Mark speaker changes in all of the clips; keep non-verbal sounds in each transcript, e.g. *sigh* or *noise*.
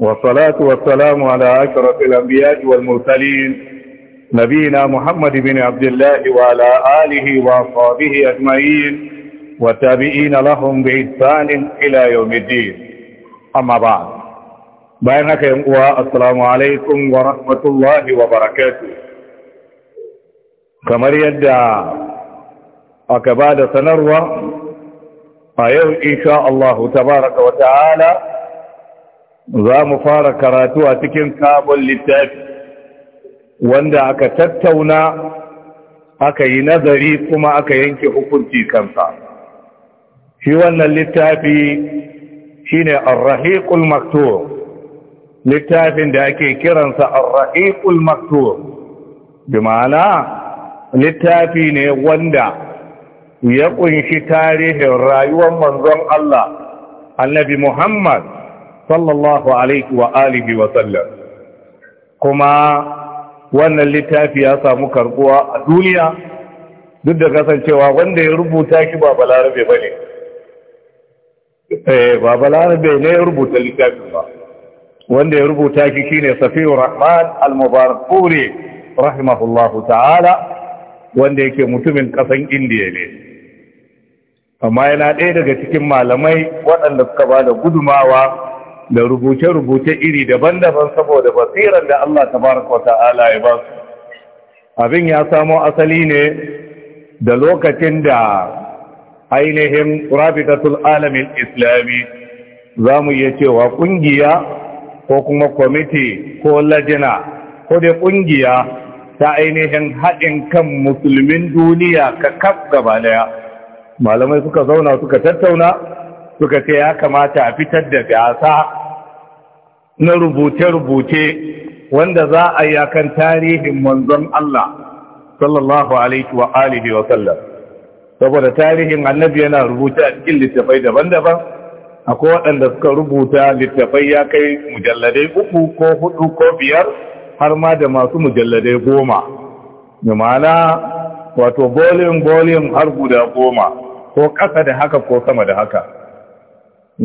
Speaker 1: والصلاة والسلام على أشرف الأنبياء والمرسلين نبينا محمد بن عبد الله وعلى آله وأصحابه أجمعين والتابعين لهم بإحسان إلى يوم الدين أما بعد بينك و السلام عليكم ورحمة الله وبركاته كما يدعى أكباد سنروى أيوه إن شاء الله تبارك وتعالى za mu fara karatu a cikin kabon littafi wanda aka tattauna aka yi nazari kuma aka yanke hukunci kansa shi wannan littafi shine ar-rahiqul maktur littafin da ake kiransa ar-rahiqul maktur bi ma'ana littafi ne wanda ya ƙunshi tarihin rayuwar manzon Allah annabi Muhammad sallallahu alaihi wa alihi wa sallam kuma wannan littafi ya samu karbuwa a duniya duk da kasancewa wanda ya rubuta shi ba balarabe bane eh ba balarabe ne ya rubuta littafin ba wanda ya rubuta shi shine Safiur Rahman Al-Mubarakpuri rahimahullahu ta'ala wanda yake mutumin kasan Indiya ne amma yana ɗaya daga cikin malamai waɗanda suka ba da gudumawa da rubuce-rubuce iri daban-daban saboda basirar da Allah tabaraka wata'ala ya ba su abin ya samo asali ne da lokacin da ainihin rabitatul alamin islami za mu iya cewa ƙungiya ko kuma kwamiti ko lajina ko da ƙungiya ta ainihin haɗin kan musulmin duniya ka kaf gaba daya malamai suka zauna suka tattauna suka ce ya kamata a fitar da gasa na rubuce-rubuce wanda za a yi akan tarihin manzon Allah sallallahu alaihi wa alihi wa sallam saboda tarihin annabi yana rubuta a cikin littafai daban-daban akwai waɗanda suka rubuta littafai ya kai mujalladai uku ko hudu ko biyar har ma da masu mujalladai goma da ma'ana wato bolin bolin har guda goma ko ƙasa da haka ko sama da haka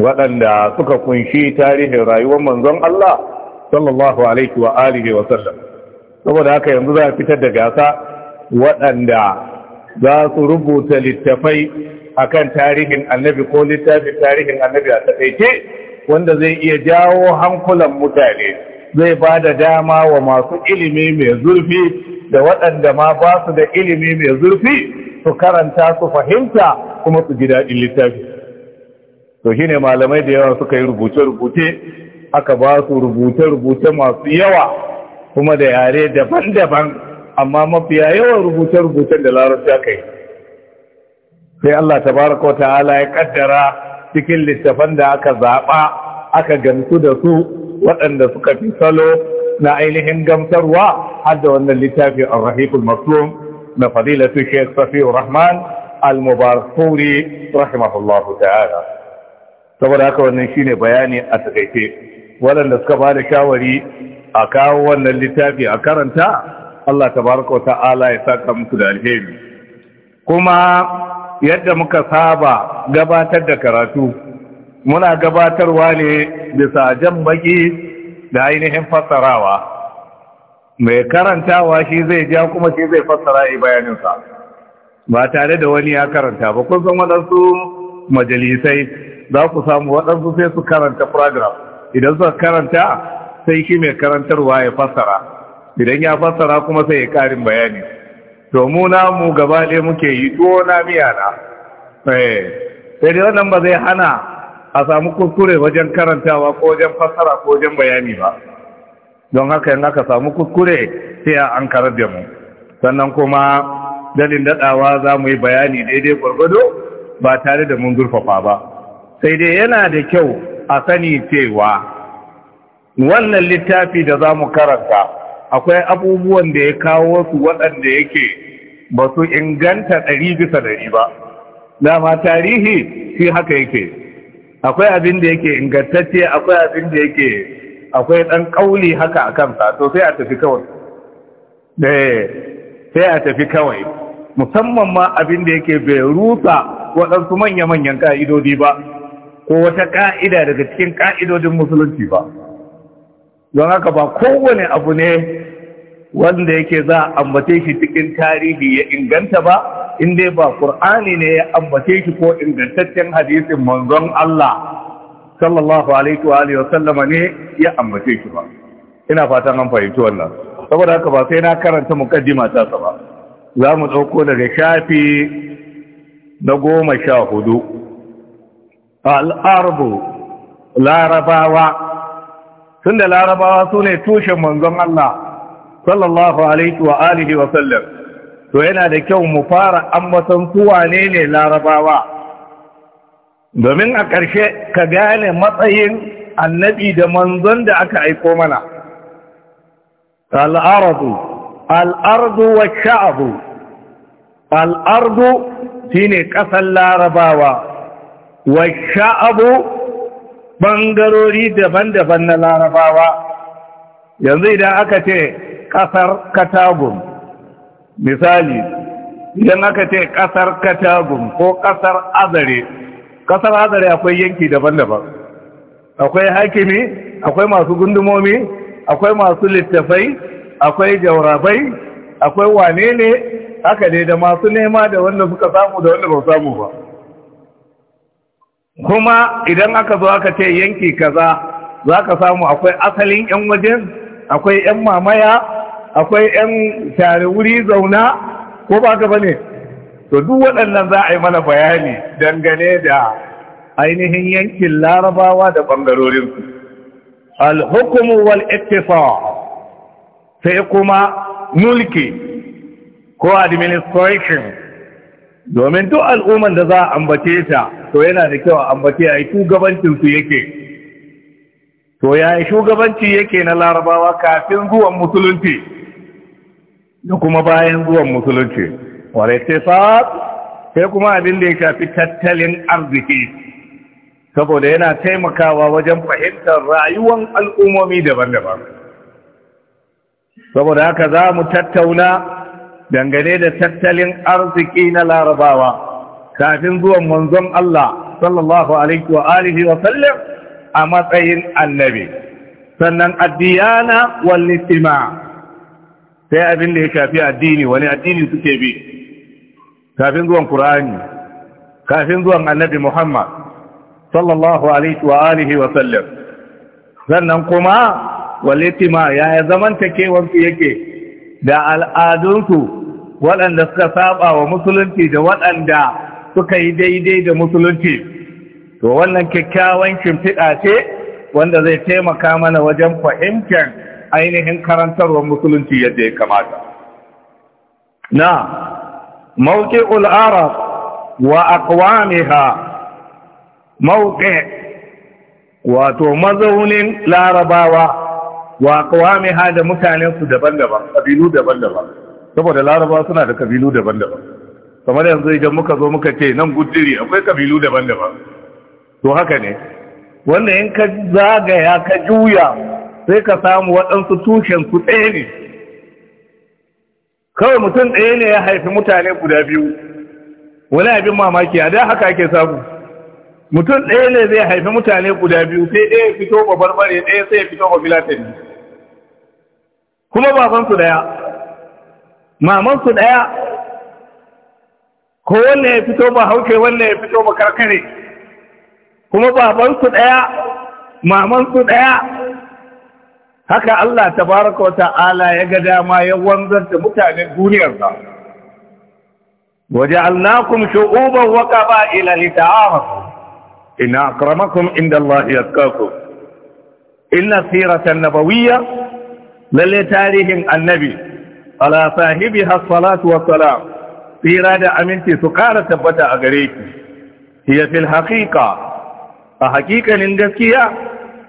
Speaker 1: waɗanda suka kunshi tarihin rayuwar manzon Allah sallallahu alaihi wa alihi wa sallam saboda haka yanzu za a fitar da gasa waɗanda za su rubuta littafai akan tarihin annabi ko littafin tarihin annabi a taƙaice wanda zai iya jawo hankulan mutane zai ba da dama wa masu ilimi mai zurfi da waɗanda ma ba su da ilimi mai zurfi su karanta su fahimta kuma su ji daɗin littafi to shine malamai da yawa suka yi rubuce-rubuce aka ba su rubuce-rubuce masu yawa kuma da yare daban-daban amma mafiya yawan rubuce-rubucen da larabci aka yi sai Allah tabaraka ta'ala ya kaddara cikin littafan da aka zaɓa aka gamsu da su waɗanda suka fi salo na ainihin gamsarwa har da wannan littafi a rahiful maslum na fadilatu sheikh safiur rahman al-mubarak rahimahullahu ta'ala saboda haka wannan shine bayani a takaice waɗanda suka ba da shawari a kawo wannan littafi a karanta Allah tabaraka wa ta'ala ya saka musu da alheri kuma yadda muka saba gabatar da karatu muna gabatarwa ne bisa jan baki da ainihin fassarawa mai karantawa shi zai ja kuma shi zai fassara a bayaninsa ba tare da wani ya karanta ba kun san waɗansu majalisai za ku samu waɗansu sai su karanta program idan suka karanta sai shi mai karantarwa ya fassara idan ya fassara kuma sai ya ƙarin bayani to mu namu gaba ɗaya muke yi tuwo na miya na eh, sai dai wannan ba zai hana a samu kuskure wajen karantawa ko wajen fassara ko wajen bayani ba don haka yin aka samu kuskure sai an karar da mu sannan kuma dalin daɗawa za mu yi bayani daidai gwargwado ba tare da mun zurfafa ba sai dai yana da kyau a sani cewa wannan littafi da za mu karanta akwai abubuwan da ya kawo su waɗanda yake ba su inganta ɗari bisa ɗari ba dama tarihi shi haka yake akwai abin da yake ingantacce akwai abin da yake akwai ɗan ƙauli haka a kansa to sai a tafi kawai eh, sai a tafi kawai musamman ma abin da yake bai rusa waɗansu manya-manyan ƙa'idodi ba ko wata ka'ida daga cikin ka'idodin musulunci ba don haka ba kowane abu ne wanda yake za a ambace shi cikin tarihi ya inganta ba inda ba ƙur'ani ne ya ambace shi ko ingantaccen hadisin manzon Allah sallallahu alaihi wa alihi wasallama ne ya ambace shi ba ina fatan an fahimci wannan saboda haka ba sai na karanta mukaddima ta ba za mu dauko daga shafi na goma sha hudu al'arbu larabawa tun da larabawa su ne tushen manzon Allah sallallahu alaihi wa alihi wa sallam to yana da kyau mu fara ambaton kuwa ne ne larabawa domin a ƙarshe ka gane matsayin annabi da manzon da aka aiko mana Al'arbu. Al'arbu wa sha'abu al'ardu shine ƙasar larabawa wa sha'abu bangarori daban-daban na larabawa yanzu idan aka ce ƙasar katagun misali idan aka ce ƙasar katagun ko ƙasar azare ƙasar azare akwai yanki daban-daban akwai hakimi akwai masu gundumomi akwai masu littafai akwai jaurabai akwai wane ne haka dai da masu nema da wanda suka samu da wanda ba samu ba kuma idan aka zo aka ce yanki kaza za ka samu akwai asalin 'yan wajen akwai 'yan mamaya akwai 'yan share wuri zauna ko ba ka bane to duk waɗannan za a yi mana bayani dangane da ainihin yankin larabawa da ɓangarorinsu alhukumu wal ittifa sai kuma mulki ko administration domin duk al'umman da za a ambace ta to yana da kyau a ambace a yi shugabancinsu yake to ya yi shugabanci yake na larabawa kafin zuwan musulunci da kuma bayan zuwan musulunci wale sai kuma abin da ya shafi tattalin arziki saboda yana taimakawa wajen fahimtar rayuwar al'ummomi daban-daban saboda haka za mu tattauna dangane da tattalin arziki na larabawa kafin zuwan manzon Allah sallallahu alaihi wa alihi wa sallam a matsayin annabi sannan addiyana wal istima sai abin da ya shafi addini wani addini suke bi kafin zuwan Qur'ani kafin zuwan annabi Muhammad sallallahu alaihi wa alihi wa sallam sannan kuma wal istima yaya zamantakewansu yake da al'adunsu waɗanda suka saba wa musulunci da waɗanda suka yi daidai da musulunci to wannan kyakkyawan shimfiɗa ce wanda zai taimaka mana wajen fahimtar ainihin karantarwar musulunci yadda ya kamata na mawuƙi ul'arar wa akwamiha mawuƙi wato mazaunin larabawa wa ha da mutanen su daban-daban kabilu daban-daban saboda laraba suna da kabilu daban-daban kamar yanzu idan muka zo muka ce nan gudiri akwai kabilu daban-daban to haka ne wanda in ka zagaya ka juya sai ka samu waɗansu tushen su ɗaya ne kawai mutum ɗaya ne ya haifi mutane guda biyu wani abin mamaki a da haka ake samu mutum ɗaya ne zai haifi mutane guda biyu sai ɗaya fito ba barbare ɗaya sai ya fito ba filatani kuma babansu ɗaya mamansu ɗaya ko wanne ya fito ba hauke wanne ya fito ba karkare kuma babansu ɗaya mamansu ɗaya haka Allah tabaraka wa ta'ala ya ga dama ya wanzar da mutanen duniyarsa waje alnakum shu'uban wa qaba'ila lita'arafu إن أكرمكم عند الله يتقاكم إن السيرة النبوية للتاريخ النبي على صاحبها الصلاة والسلام سيرة أمنتي سكارة تبتع أغريك هي في الحقيقة حقيقة ننجسكية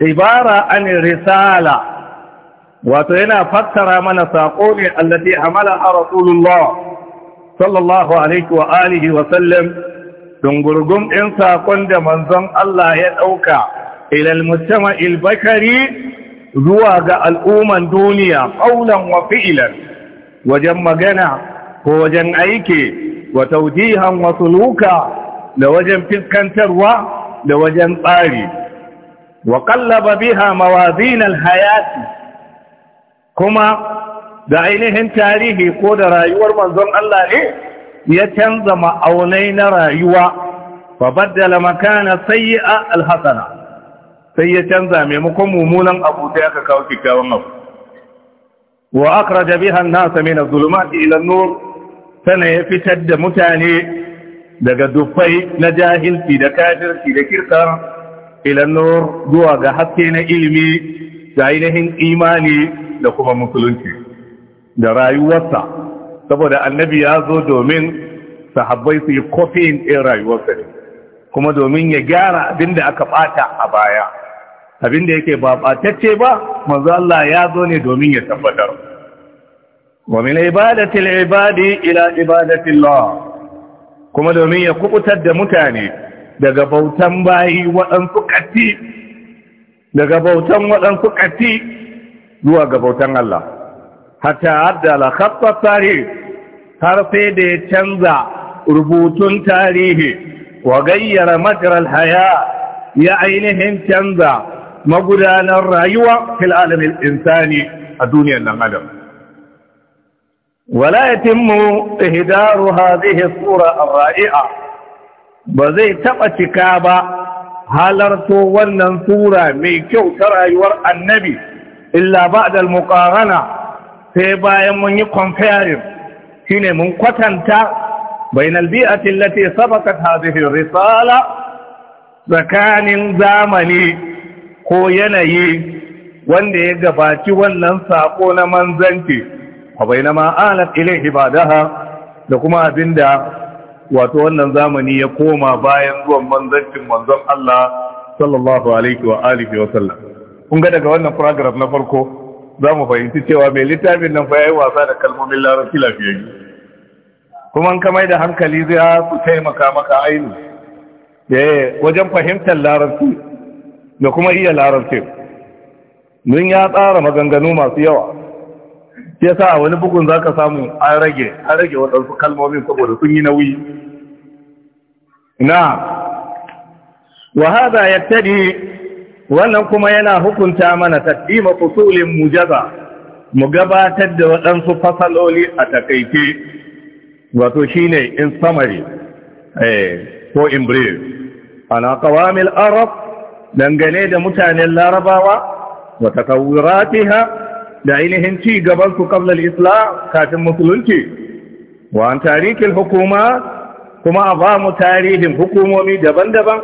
Speaker 1: عبارة عن رسالة وتينا فكر من ساقوني التي عملها رسول الله صلى الله عليه وآله وسلم dungurgun ɗin saƙon da manzon Allah ya ɗauka ilal mutama ilbakari zuwa ga al'umman duniya ƙaunan wa fi'ilan wajen magana ko wajen aiki wa taujihan wa da wajen fiskantarwa da wajen tsari wa kallaba biha mawazin hayati kuma da ainihin tarihi ko da rayuwar manzon Allah ne ya canza ma'aunai na rayuwa fa baddala makana sayyi'a alhassana sai ya canza maimakon mummunan abu sai aka kawo kikkiawan abu wa akhraja biha an-nasa min adh-dhulumati ila nur sana ya fitar da mutane daga dufai na jahilci da kafirci da kirka ila nur zuwa ga haske na ilimi da ainihin imani da kuma musulunci da rayuwarsa saboda annabi ya zo domin sahabbai su yi kofin ɗin rayuwarsa ne kuma domin ya gyara abin da aka ɓata a baya abin da yake ba ɓatacce ba manzo Allah ya zo ne domin ya tabbatar wa min ibadati ibadi ila ibadati Allah kuma domin ya kubutar da mutane daga bautan bayi waɗansu kati daga bautan waɗansu kati zuwa ga bautan Allah حتى هتعدل خط التاريخ ترفي دي تنزع ربوط تاريخ وغير مجرى الحياة يعينهم تنزع مقدان الرأيوة في العالم الإنساني الدنيا النمالم ولا يتم إهدار هذه الصورة الرائعة بذي تبت كابا هالرتو ونن صورة ميكو ترأيور النبي إلا بعد المقارنة sai bayan mun yi comparing shine mun kwatanta bainal bi'ati allati sabaqat hadhihi risala zakanin zamani ko yanayi wanda ya gabaci wannan sako na manzanci wa bainama alat ilayhi badaha da kuma abinda wato wannan zamani ya koma bayan zuwan manzancin manzon Allah sallallahu alaihi wa alihi wa sallam kun ga daga wannan paragraph na farko za mu fahimci cewa mai littafin nan fa yayi wasa da kalmomin larabci lafiyayi. kuma in ka da hankali zai su taimaka maka aini eh, wajen fahimtar larabci da kuma iya larabci mun ya tsara maganganu masu yawa ya sa a wani bugun za ka samu an rage an rage waɗansu kalmomin saboda sun yi nauyi na wa hada yattadi wannan kuma yana hukunta mana taqdima fusulin mujaza mu gabatar da waɗansu fasaloli a takaice wato shine in summary eh ko in brief ana qawamil arab dangane da mutanen larabawa wa takawwiratiha da ainihin ci gaban su qabla al-islam kafin musulunci wa an tarikil hukuma kuma a ba mu tarihin hukumomi daban-daban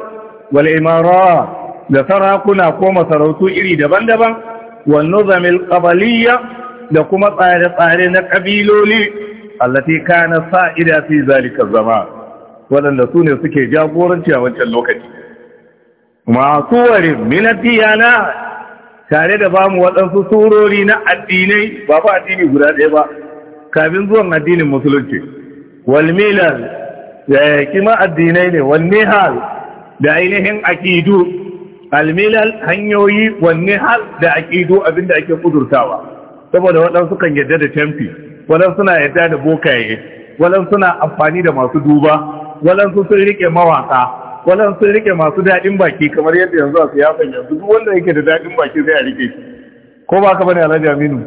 Speaker 1: wal imarat da sarakuna ko masarautu iri daban-daban wan zamil qabaliyya da kuma tsare-tsare na kabiloli allati kana sa'ida fi zalika zama wadanda su ne suke jagoranci a wancan lokaci masu wari minatiyana tare da bamu waɗansu surori na addinai ba fa addini guda ɗaya ba kafin zuwan addinin musulunci walmilal da kima addinai ne walmihal da ainihin akidu almilal hanyoyi wanne hal da abin da ake kudurtawa saboda waɗansu kan yadda da tempi waɗansu suna yadda da bokaye waɗansu suna amfani da masu duba waɗansu sun rike mawaka waɗansu sun rike masu daɗin baki kamar yadda yanzu a siyasan yanzu duk wanda yake da daɗin baki zai a rike shi ko ba ka bane alhaji aminu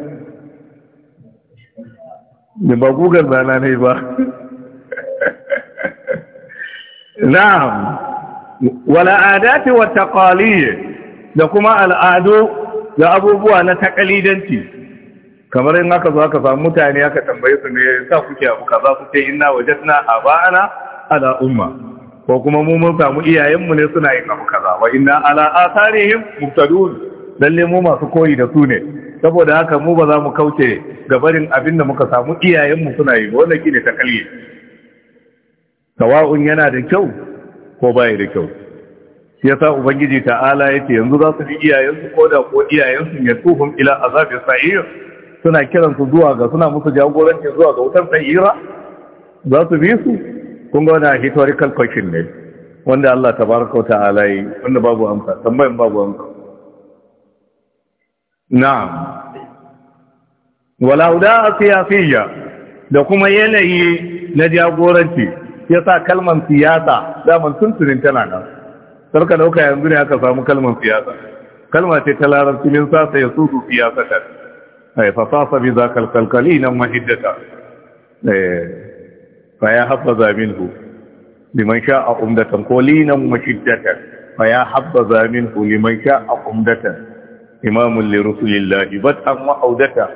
Speaker 1: ne ba gugar zana ne ba *laughs* na'am wal'adati wa taqaliyya da kuma al'adu da abubuwa na takalidanci kamar in aka zo aka samu mutane aka tambaye su ne sa kuke abu kaza wajen inna wajadna aba'ana ala umma ko kuma mu mun samu iyayenmu ne suna yin abu kaza wa inna ala asarihim muftadun lalle mu masu koyi da su ne saboda haka mu ba za mu kauce ga barin abin da muka samu iyayenmu suna yi wannan shine takalli tawa'un yana da kyau ko baya da kyau shi yasa ubangiji ta'ala yace yanzu za su bi iyayensu ko da ko iyayensu ya tuhum ila azabi sa'ir suna kiransu zuwa ga suna musu jagoranci zuwa ga wutar sa'ira za su bi su kun ga wani historical question ne wanda Allah tabaraka ta'ala yi wanda babu amsa tambayin babu amsa na'am wala uda siyasiyya da kuma yanayi na jagoranci ya sa kalman siyasa daman tuntunin tana nan sarka dauka yanzu ne aka samu kalman siyasa kalma ce ta larabci min sasa ya susu siyasa ta ai eh, fa sasa bi zakal kalkali nan mahiddata eh fa ya hafaza minhu liman a umdatan qalinan mahiddata fa ya hafaza minhu liman a umdatan إمام لرسل mu بدءا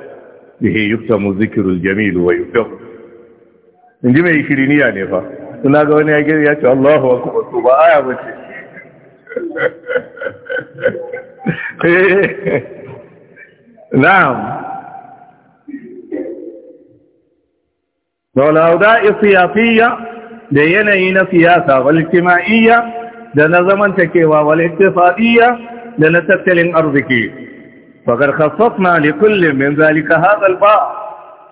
Speaker 1: Jamilu به يختم In ji mai إن جمع ne نفا suna ga wani ya gina ya ce Allahu akbar to ba aya ba ce *laughs* na'am Daulauda siyasiyya da yanayi na siyasa wal da na zamantakewa wal da na tattalin arziki fagar khassasna li min zalika hadha ba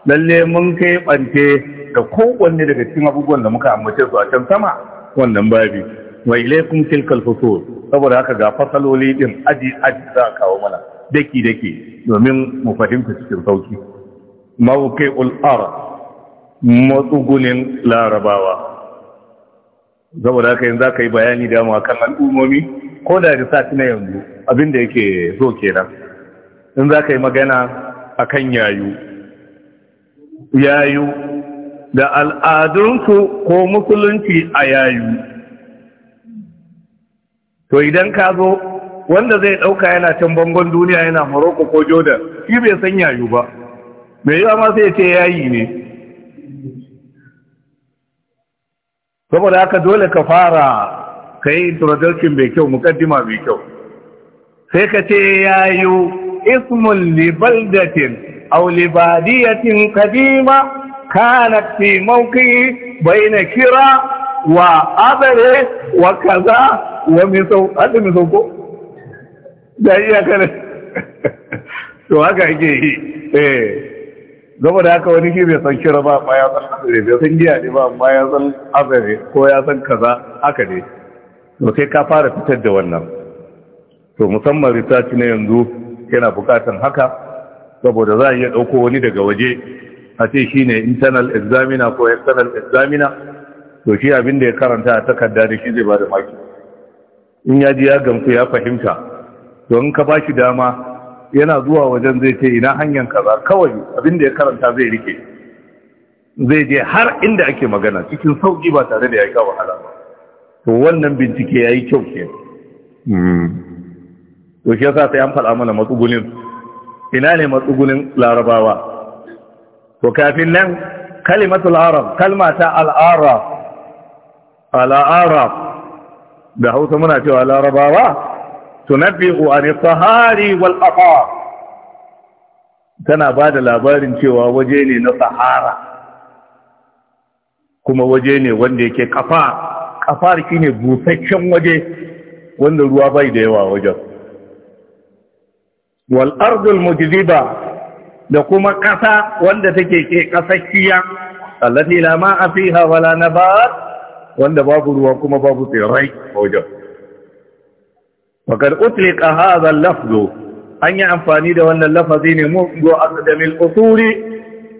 Speaker 1: lalle mun kai bante da kowanne daga cikin abubuwan da muka ambace su a can sama wannan babi wa ilaikum tilkal fusul saboda haka ga fasaloli din aji aji za a kawo mana daki daki domin mu fahimta cikin sauki mawqi'ul ar matsugunin larabawa saboda haka yanzu aka yi bayani da mu akan al'ummomi ko da da sati na yanzu abinda da yake zo kenan in za ka yi magana akan yayu yayu da al'adunsu ko musulunci a yayu to idan ka zo wanda zai ɗauka yana can bangon duniya yana Morocco ko Jordan shi bai san yayu ba mai yawa ma sai ce yayi ne saboda haka dole ka fara ka yi introduction mai kyau mukaddima mai kyau sai ka ce yayu ismun libaldatin aulibadiyatin kadima kanat fi mawqi bayna kira wa adare wa kaza wa misau hada misau ko da iya kana to haka ake yi eh zama da haka wani bai san kira ba ba ya san azare bai san giya ne ba ba ya san azare ko ya san kaza haka ne to sai ka fara fitar da wannan to musamman research na yanzu yana bukatan haka saboda za a iya ɗauko wani daga waje a ce shi ne internal examiner ko external examiner to shi abin da ya karanta a takarda da shi zai ba da maki in ya ji ya gamsu ya fahimta don ka ba shi dama yana zuwa wajen zai ce ina hanyar kaza kawai abin da ya karanta zai rike zai je har inda ake magana cikin sauki ba tare da ya ga wahala ba to wannan bincike ya yi kyau ke hmm. to shi yasa sai an faɗa mana matsugunin ina ne matsugunin larabawa to kafin nan kalimatul arab kalma ta al'arab al'arab da hausa muna cewa larabawa tunabbi'u an sahari wal aqar tana bada labarin cewa waje ne na sahara kuma waje ne wanda yake kafa kafar shine busasshen waje wanda ruwa bai da yawa wajen wal ardul mujdiba da kuma ƙasa wanda take ke ƙasashiya allati la ma a afiha wala nabat wanda babu ruwa kuma babu tsirrai a wajen fakar utliqa hadha al-lafz an yi amfani da wannan lafazi ne mungo aqdamil usuri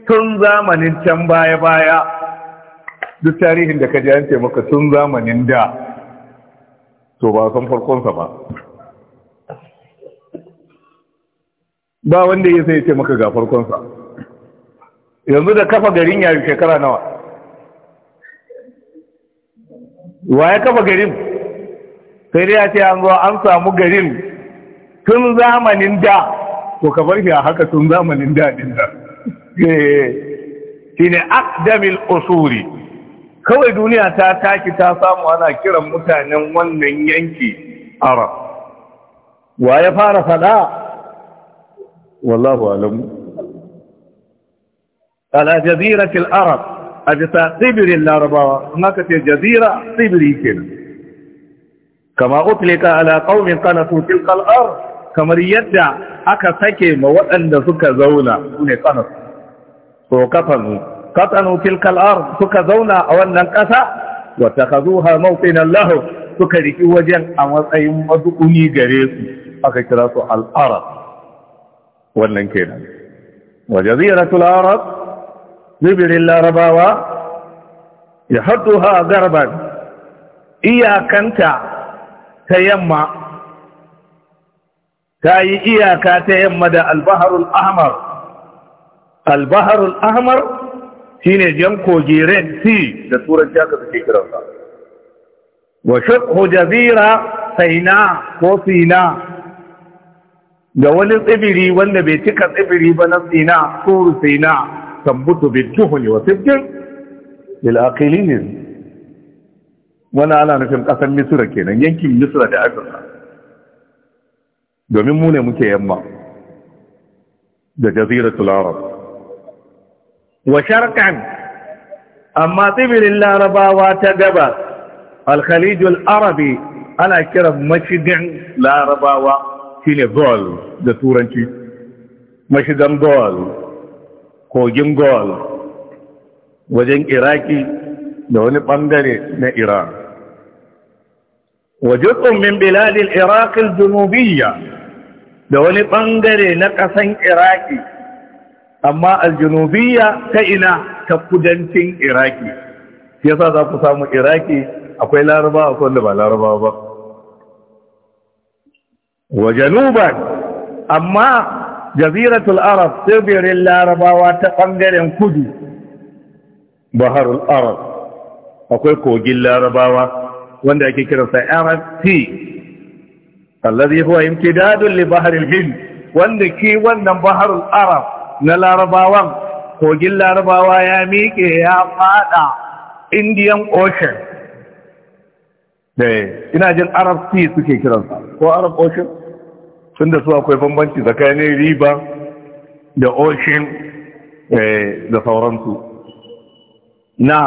Speaker 1: tun zamanin can baya baya duk tarihin da ka ji an ce maka tun zamanin da to ba san farkon ba ba wanda ya sai ce maka ga farkonsa yanzu da kafa garin ya shekara nawa wa ya kafa garin sai dai ya ce an zo an samu garin tun zamanin da to ka bar shi a haka tun zamanin da din da eh, shi ne akdamil usuri kawai duniya ta taki ta samu ana kiran mutanen wannan yanki arab wa ya fara fada wallahu alam ala jaziratil arab a bisa tsibirin larabawa in aka ce jazira tsibiri kenan kama utlika ala qaumin qanatu tilkal kamar yadda aka sake ma waɗanda suka zauna ne qanatu to kafanu qatanu tilkal ard suka zauna a wannan ƙasa wa takhazuha mawqinan lahu suka riki wajen a matsayin mazukuni gare su aka kira su al wannan kenan wa jaziratul arab bibirin larabawa ya hadduha garban iyakanta ta yamma ta yi iyaka ta yamma da albaharul ahmar albaharul ahmar shine jan kogi red sea da turanci aka suke kiransa wa shaqhu jazira saina ko sina da wani tsibiri wanda bai cika tsibiri ba na tsina ko rusina tambutu bi tuhuni wa sittin lil aqilin wani ana nufin kasar misra kenan yankin misra da afirka domin mu ne muke yamma da jaziratul arab wa sharqan amma tsibirin larabawa ta gaba, al arabi ana kiran mashigin larabawa shine gol da turanci mashigan gol kogin gol wajen iraki da wani bangare na iran wajen min biladin iraqil junubiyya da wani bangare na ƙasan iraki amma aljunubiyya ta ina ta kudancin iraki yasa za ku samu iraki akwai laraba akwai wanda ba laraba ba wa januban amma jaziratul arab tsibirin larabawa ta ɓangaren kudu baharul arab akwai kogin larabawa wanda ake kiransa arab sea allazi huwa imtidadun li baharil hind wanda ki wannan baharul arab na larabawan kogin larabawa ya miƙe ya fada indian ocean ina jin arab sea suke kiransa ko arab ocean tun da su akwai bambanci tsakanin riba da oshin eh, da sauransu na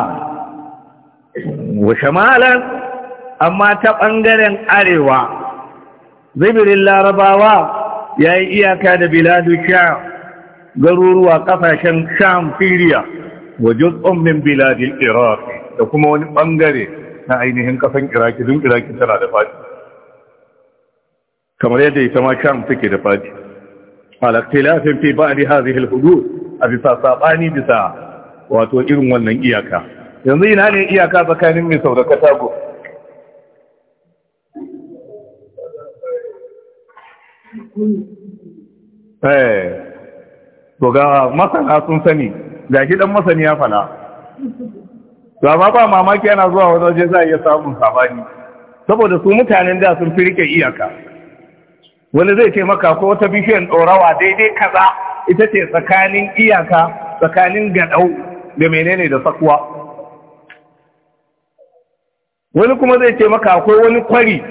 Speaker 1: wa amma ta ɓangaren arewa zibirin larabawa ya yi iyaka da biladu sha garuruwa ƙasashen sham firiya waje jutsun min biladin iraq da kuma wani ɓangare na ainihin ƙasan iraki don iraki tana da fadi kamar yadda ita ma sham take da fadi alaktilafin fi ba'di hadhihi alhudud a bisa sabani bisa wato irin wannan iyaka yanzu ina ne iyaka tsakanin mai sau da katago eh to ga masana sun sani ga shi dan masani ya fana ba ma ba mamaki yana zuwa wajen waje za a iya samun sabani saboda su mutanen da sun fi rike iyaka wani zai ce maka ko wata bishiyar ɗorawa daidai kaza ita ce tsakanin iyaka tsakanin gaɗau da menene da tsakuwa wani kuma zai ce maka ko wani kwari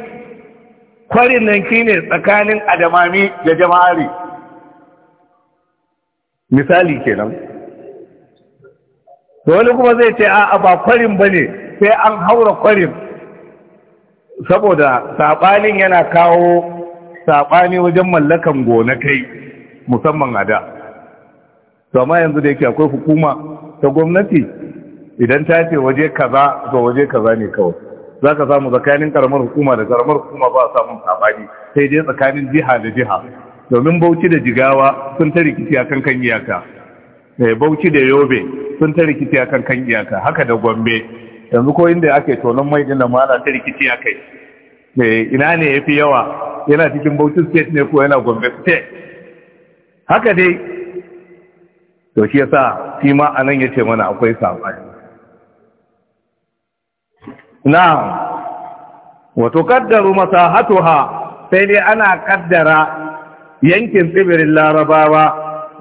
Speaker 1: kwarin nan shi ne tsakanin adamami da jama'ari misali kenan wani kuma zai ce a ba kwarin ba ne sai an haura kwarin saboda saɓanin yana kawo saɓani wajen mallakan gonakai musamman a da amma yanzu da yake akwai hukuma ta gwamnati idan ta ce waje kaza to waje kaza ne kawai za ka samu tsakanin karamar hukuma da karamar hukuma ba samun saɓani sai dai tsakanin jiha da jiha domin bauchi da jigawa sun ta rikici a kan iyaka eh, bauchi da yobe sun ta rikici a kan iyaka haka da gombe yanzu ko inda ake tonon mai dina ma'ana ana ta rikici a kai eh, ina ne ya fi yawa yana cikin Bauchi state ne ko yana Gombe state haka dai to shi yasa shi ma anan yace mana akwai sabani wato wa tuqaddaru masahatuha sai dai ana kaddara yankin tsibirin Larabawa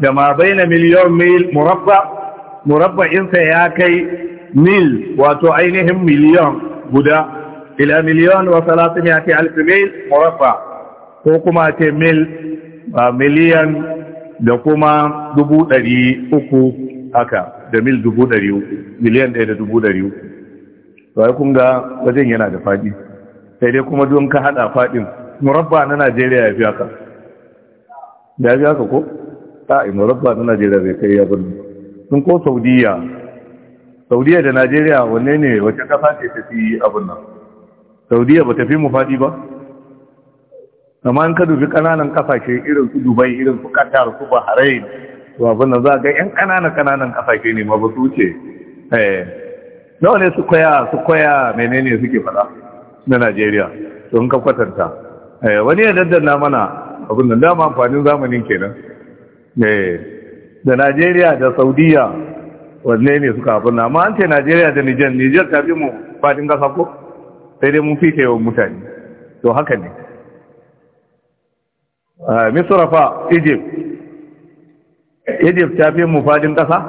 Speaker 1: da ma baina miliyon mil murabba murabba murabba'insa ya kai mil wato ainihin miliyon guda ila miliyon wa salatun ya alfi mil murabba ko kuma ce mil miliyan da kuma dubu ɗari uku haka da mil dubu ɗari uku miliyan ɗaya da dubu ɗari uku to ai kun ga wajen yana da faɗi sai dai kuma don ka haɗa faɗin murabba na najeriya ya fi haka ya fi haka ko ta'i murabba na najeriya zai kai ya bar sun ko saudiya saudiya da najeriya wanne ne wacce ƙasa ce ta fi abin nan saudiya ba ta fi mu faɗi ba amma in ka dubi kananan kasashe irin su dubai irin su qatar su bahrain to abin da za ga yan kananan kananan kasashe ne ma ba su wuce eh nawa ne su koya su koya menene suke fada na najeriya to in ka kwatanta eh wani ya daddana mana abin da dama amfanin zamanin kenan eh da najeriya da saudiya wanne ne suka abin na amma an ce najeriya da nijar nijar ta fi mu fadin kasa ko sai dai mun fi yawan mutane to haka ne Ah, misra fa egypt egypt ta fi mu fadin ƙasa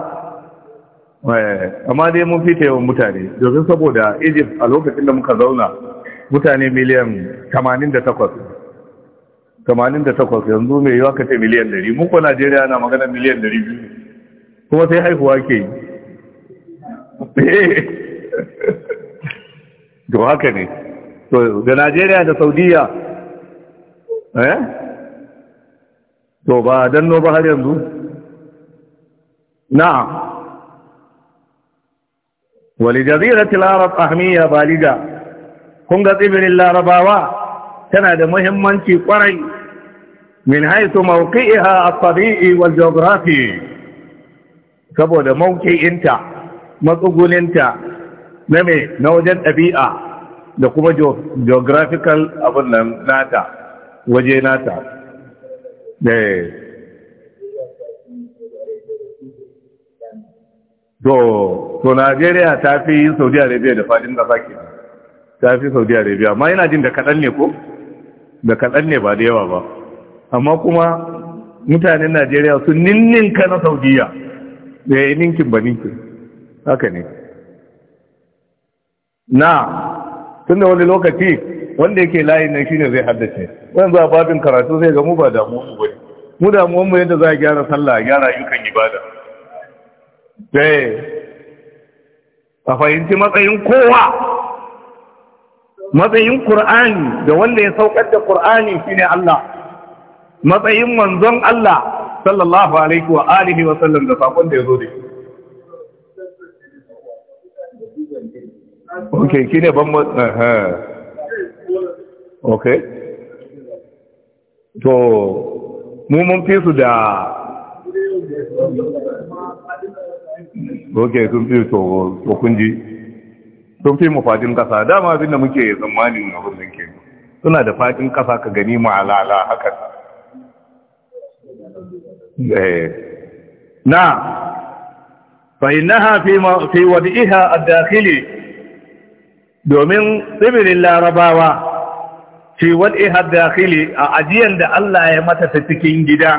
Speaker 1: eh, amma dai mun fita yawan mutane domin saboda egypt a lokacin da muka zauna mutane miliyan 88 88 yanzu mai yi kace miliyan 100 muku ko najeriya na magana miliyan 200 kuma sai haihuwa ke yi *laughs* to haka ne to da najeriya da saudiya eh to ba danno ba har yanzu na'am walijazirati larab ahmiya baliga kun ga tsibirin larabawa tana da muhimmanci kwarai min haitu mawqi'iha at-tabi'i wal geography saboda mawqi'inta matsuguninta na me na wajen ɗabi'a da kuma geographical abin nan nata waje nata to to Najeriya ta fi yin Saudi Arabia da fadin da ke ta fi Saudi Arabia amma yana jin da kaɗan ne ko da kaɗan ne ba da yawa ba amma kuma mutanen Najeriya sun ninninka na Saudiya da ya eh, ninkin ba ninkin haka ne na tun da wani lokaci wanda yake layin nan ne zai haddace wani za babin karatu zai ga mu ba damuwan mu bane mu damuwan mu yadda za a gyara sallah a gyara ayyukan ibada dai eh. a fahimci matsayin kowa matsayin Kur'ani da wanda ya saukar da Kur'ani shine Allah matsayin manzon Allah sallallahu alaihi wa alihi wa sallam da sakon da yazo da shi okay kine ban eh okay to mu mun fi su da ok sun fi to kunji sun fi mu fatin kasa dama abinda muke tsammanin na da ke suna da fatin kasa ka gani mu alala haka eh. na fa'inaha fi iha a dakili domin tsibirin larabawa fi wad'i hadakhili a ajiyan da Allah ya mata ta cikin gida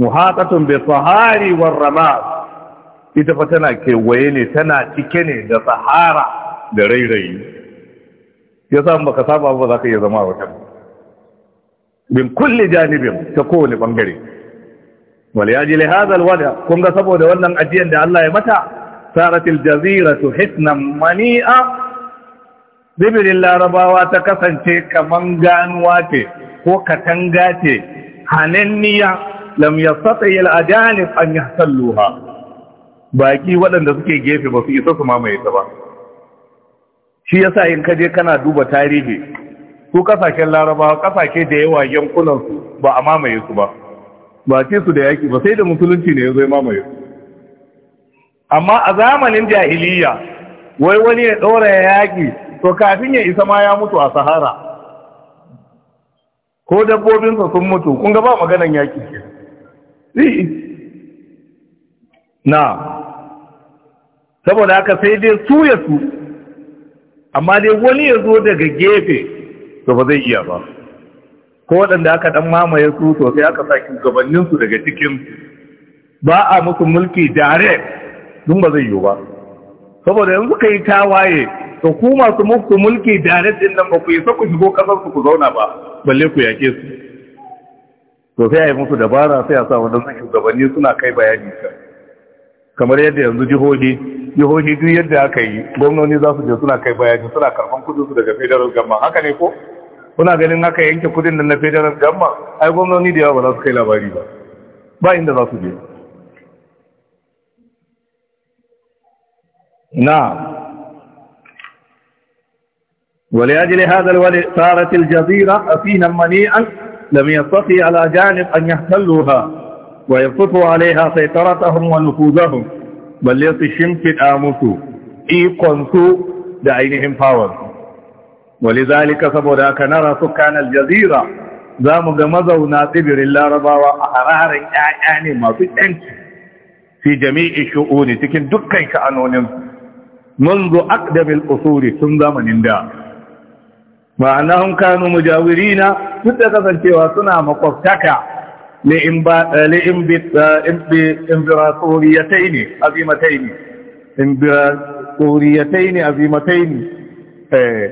Speaker 1: muhaqatun bi sahari war ramas ita fa tana kewaye ne tana cike ne da sahara da rairayi yasa baka saba ba za ka iya zama wata bin kulli janibin ta kowane bangare wal yaji li hadha al wada kun ga saboda wannan ajiyan da Allah ya mata saratil jaziratu hisnan mani'a Zibirin larabawa ta kasance kaman ganuwa ce ko katanga ce hananniya lam yastati al ajanib an yahsalluha baki waɗanda suke gefe ba su isa su mamaye ta ba shi yasa in ka je kana duba tarihi su kasashen larabawa kasashe da yawa yankunan su ba a mamaye su ba ba ce su da yaki ba sai da musulunci ne ya zo mamaye su amma a zamanin jahiliya wai wani ya ɗora yaƙi to kafin ya isa ma ya mutu a sahara ko dabbobinsa sun mutu kun ga ba maganan ke. na saboda haka sai dai su ya su amma dai wani ya zo daga gefe to ba zai iya ba ko waɗanda aka ɗan mamaye su to sai aka sa gabaninsu daga cikin ba a musu mulki dare. dun ba zai yiwu ba saboda yanzu ka yi tawaye to ku masu muku mulki direct din nan ba ku sa ku shigo kasar su ku zauna ba balle ku yake su to sai a yi musu dabara sai a sa sun shugabanni suna kai bayani ka kamar yadda yanzu jihohi jihohi duk yadda aka yi gwamnoni za su je suna kai bayani suna karɓan kudin su daga federal government haka ne ko kuna ganin haka yanke kudin nan na federal government ai gwamnoni da yawa ba za su kai labari ba ba inda za su je na ولأجل هذا الولي صارت الجزيرة أثينا منيئا لم يستطيع الأجانب أن يحتلوها ويبسطوا عليها سيطرتهم ونفوذهم بل يتشم يعني في الآموس قنسو بعينهم فاور ولذلك saboda haka nara sukanal jazira zamu ga mazauna tsibirin larabawa a hararin ƴaƴa ne masu ƴanci fi jami'i shu'uni cikin منذ أقدم الأصول ثم من الله ma'anahum kanu mujawirina duk da kasancewa suna makwabtaka li'imbirasoriyataini eh, eh, azimataini eh,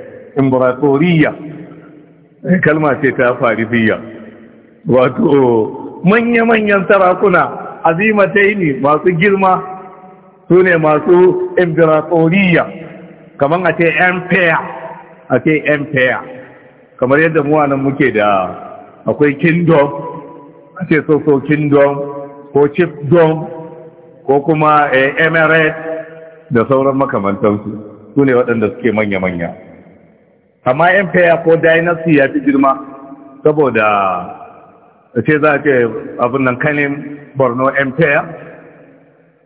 Speaker 1: kalma ce ta wato manya-manyan sarakuna azimataini masu girma su ne masu imbirasoriyya kamar a ce empire a ce empire kamar yadda mu muwanan muke da akwai kingdom a ce so-so kingdom ko chiefdom ko kuma eh, emirate da sauran makamantansu su ne waɗanda suke manya-manya amma empire ko dynasty ya fi girma saboda ce za a ce abin nan kanin borno empire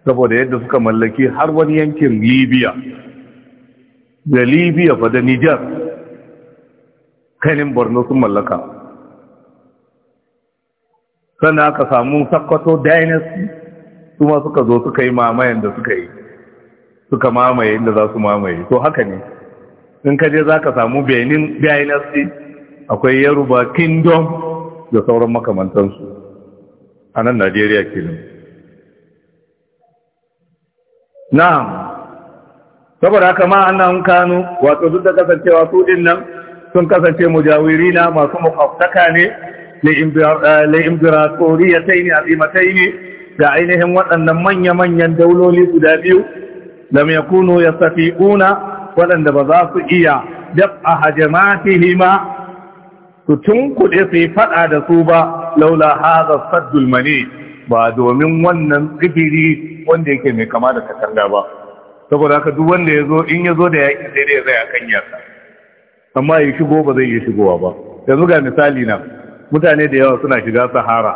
Speaker 1: saboda yadda suka mallaki har wani yankin libya da libya fa da nijar kanin borno sun mallaka sannan aka samu sakwato dynasty su ma suka zo suka yi mamayen da suka yi suka mamaye inda za su mamaye to haka ne in ka je za ka samu benin dynasty akwai yaruba kingdom da sauran makamantansu a nan najeriya kenan na saboda haka ma annan kanu wato duk da kasancewa su din nan sun kasance mujawirina masu mukaftaka ne la imdiratoriyatayn azimatayn da ainihin waɗannan manya-manyan dauloli guda biyu ya safi una. waɗanda ba za su iya dab'a hajamatihima su tunkuɗe su yi faɗa da su ba laula haza saddul ba domin wannan tsibiri wanda yake mai kama da katanga ba saboda haka duk wanda ya zo in ya zo da yaƙi sai dai ya a kan yasa amma ya shigo ba zai iya shigowa ba yanzu ga misali na mutane da yawa suna shiga sahara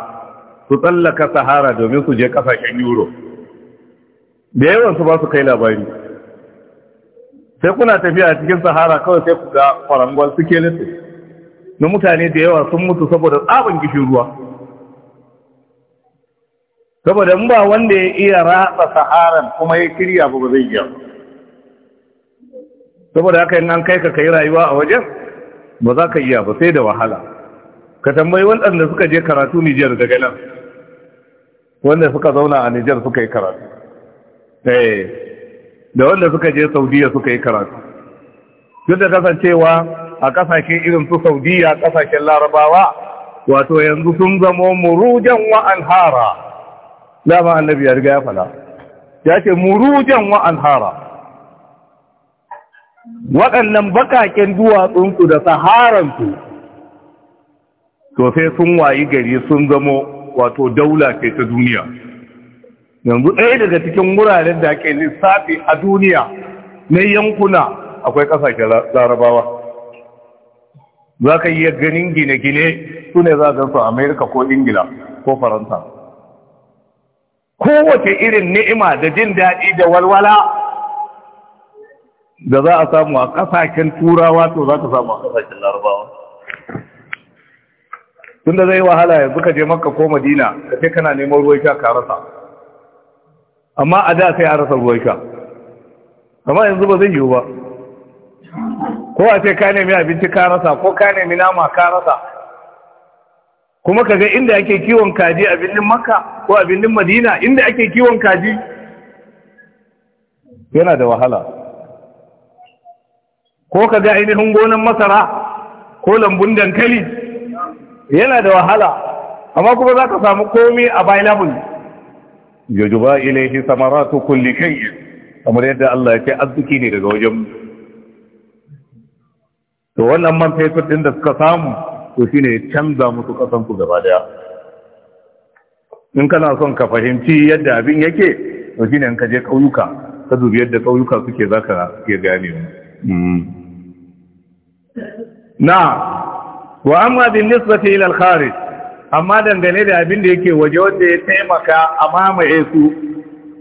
Speaker 1: su tsallaka sahara domin su je kasashen euro da yawan su ba su kai labari sai kuna tafiya a cikin sahara kawai sai ku ga kwarangwal su ke na mutane da yawa sun mutu saboda tsabin gishin ruwa saboda ba wanda ya iya ratsa saharan kuma ya kirya ba zai iya saboda haka in an kai ka kai rayuwa a wajen ba za ka iya ba sai da wahala ka tambayi waɗanda suka je karatu Nijar daga nan wanda suka zauna a Nijar suka yi karatu eh da wanda suka je Saudiya suka yi karatu duk da kasancewa a kasashen irin su Saudiya kasashen Larabawa wato yanzu sun zamo murujan wa anhara dama annabi ya riga ya fada ya ce murujan wa anhara waɗannan bakaken duwatsunsu da saharansu to sai sun wayi gari sun zamo wato daula ce ta duniya yanzu ɗaya daga cikin wuraren da ke lissafi a duniya na yankuna akwai ƙasashen larabawa za ka iya ganin gine-gine su ne za a gansu a amerika ko ingila ko faransa kowace irin ni'ima da jin daɗi da walwala da za a samu a ƙasashen turawa to za ka samu a ƙasashen larabawa tun da zai wahala yanzu ka je makka ko madina ka ce kana neman ruwan sha ka rasa amma a da sai a rasa ruwan sha amma yanzu ba zai yiwu ba ko a ce ka nemi abinci ka rasa ko ka nemi nama ka rasa kuma ka ga inda ake kiwon kaji a birnin makka ko a birnin madina inda ake kiwon kaji yana da wahala ko ka ga ainihin gonan masara ko lambun dankali yana da wahala amma kuma za ka samu komi available yajuba ilaihi samaratu kulli shay'in kamar yadda Allah ya ce arziki ne daga wajen to wannan man fetur ɗin da suka samu to shine ya canza musu ku gaba daya in kana son ka fahimci yadda abin yake to shine in ka je kauyuka ka dubi yadda kauyuka suke zaka ke gane mm. na wa amma bin nisbati ila al-kharij amma dangane da abin da yake waje wanda ya taimaka a mamaye su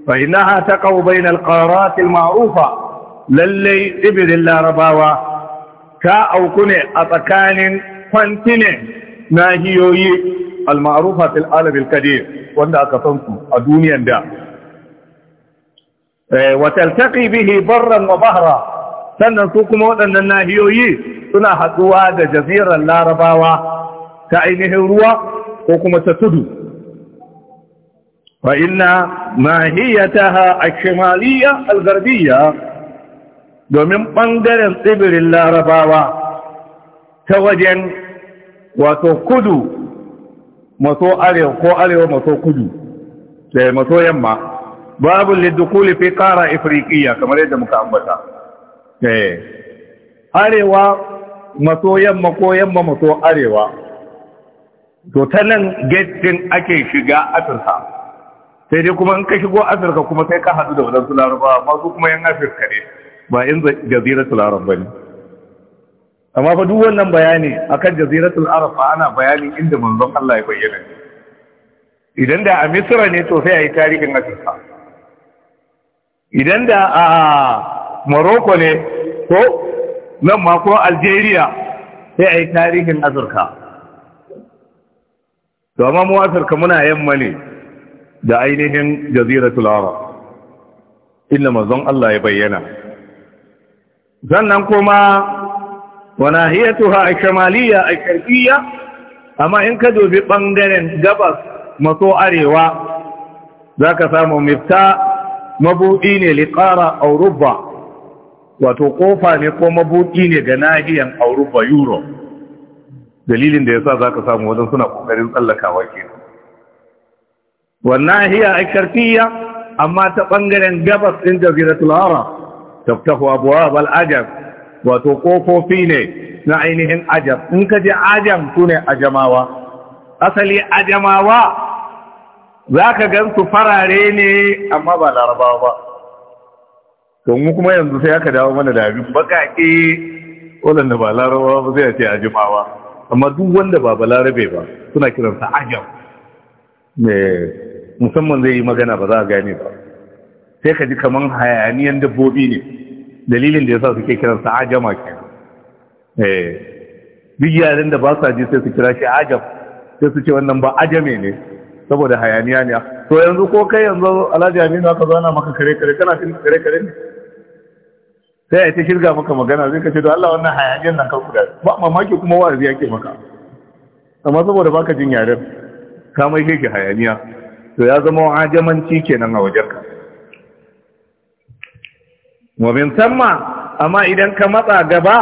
Speaker 1: fa innaha taqaw bayna al-qarat al-ma'rufa lallai ibirin larabawa ta auku ne a tsakanin continent nahiyoyi al-ma'rufa fil alam al-kadir wanda aka san su a duniyar da eh wa taltaqi bihi barran wa bahra sannan su kuma waɗannan nahiyoyi suna haduwa da jazirar larabawa ta ainihin ruwa ko kuma ta tudu wa inna mahiyataha ash-shimaliyya al-gharbiyya domin bangaren tsibirin larabawa ta wajen wato kudu maso arewa ko arewa maso kudu da eh, maso yamma babu lidukuli fi kara ifriqiya kamar yadda muka ambata eh arewa maso yamma ko yamma maso arewa to ta nan gate ake shiga afirka sai dai kuma in ka shigo afirka kuma sai ka hadu da wadansu larabawa masu kuma yan afirka ne ba in jaziratul arab bane amma fa duk wannan bayani akan jaziratul arab ana bayani inda manzon Allah ya bayyana idan da a misra ne to sai a yi tarihin afirka idan da a morocco ne to nan ma ko algeria sai a yi tarihin afirka to amma mu afirka muna yamma ne da ainihin jaziratul arab inda manzon Allah ya bayyana sannan kuma wa nahiyatuha ash-shamaliyya ash-sharqiyya amma in ka dubi bangaren gabas maso arewa zaka samu mifta mabudi ne liqara aw wato kofa ne ko mabudi ne ga nahiyan auruba euro dalilin da yasa zaka samu wajen suna kokarin tsallakawa kenan wannan hiya sharqiyya amma ta bangaren gabas din jaziratul arab taftahu abwab al-ajab wato kofofi ne na ainihin ajam in ka je ajam su ne ajamawa asali ajamawa za ka gan su farare ne amma ba larabawa ba to mu kuma yanzu sai aka dawo mana da abin baƙaƙe waɗanda ba larabawa ba zai ce ajamawa amma duk wanda ba larabe ba suna kiransa ajam musamman zai yi magana ba za a gane ba sai ka ji kaman hayaniyan dabbobi ne dalilin da ya sa suke kiransa ajama ke eh duk yaren da ba sa ji sai su kira shi ajam sai su ce wannan ba ajame ne saboda hayaniya ne to yanzu ko kai yanzu alhaji aminu aka zauna maka kare kare kana cin kare kare ne sai a ta shirga maka magana zai kace to Allah wannan hayaniyar nan kanku da ba mamaki kuma wa'azi yake maka amma saboda baka jin yaren ka mai ke hayaniya to ya zama ajamanci kenan a wajenka wa min amma idan ka matsa gaba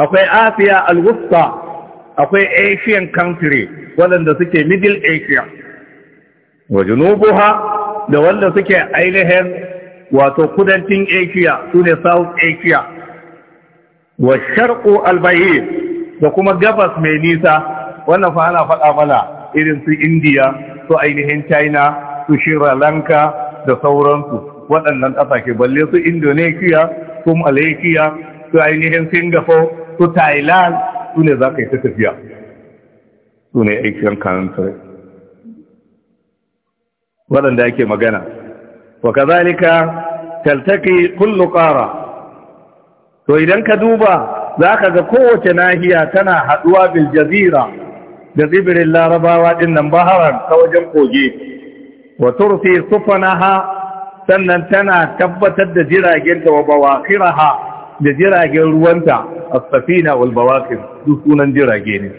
Speaker 1: akwai asiya al-wusta akwai asian country waɗanda suke middle asia waje junubuha da wanda suke ainihin wato kudancin asia su ne south asia wa sharqu albayi da kuma gabas mai nisa wannan fa faɗa mana irin su india su ainihin china su sri lanka da sauransu waɗannan ƙasashe balle su indonesia su malaysia su ainihin singapore su thailand su ne za ka yi ta tafiya su ne aikin kanan sarai waɗanda ake magana wa kazalika taltaki kullu ƙara to idan ka duba za ka ga kowace nahiya tana haɗuwa bil jazira da tsibirin larabawa ɗin nan baharan ta wajen koge wa turfi sufanaha sannan tana tabbatar da jiragen da bawaqiraha da jiragen ruwanta as-safina wal duk sunan jirage ne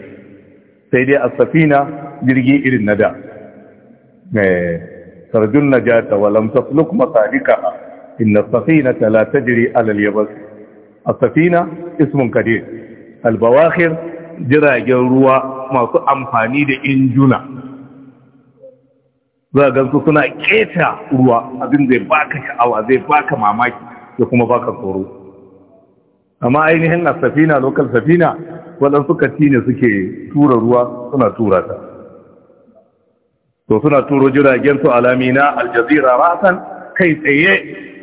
Speaker 1: sai dai as-safina jirgi irin na da eh sarjun najata wa lam tasluk masalikaha inna as-safinata la tajri ala yabas as-safina ismun kadir al jiragen ruwa masu amfani da injuna za ga su suna keta ruwa abin zai baka sha'awa zai baka mamaki da kuma baka tsoro amma ainihin a safina lokal safina waɗansu kati ne suke tura ruwa suna tura ta to suna turo jiragen su alamina aljazira rasan kai tsaye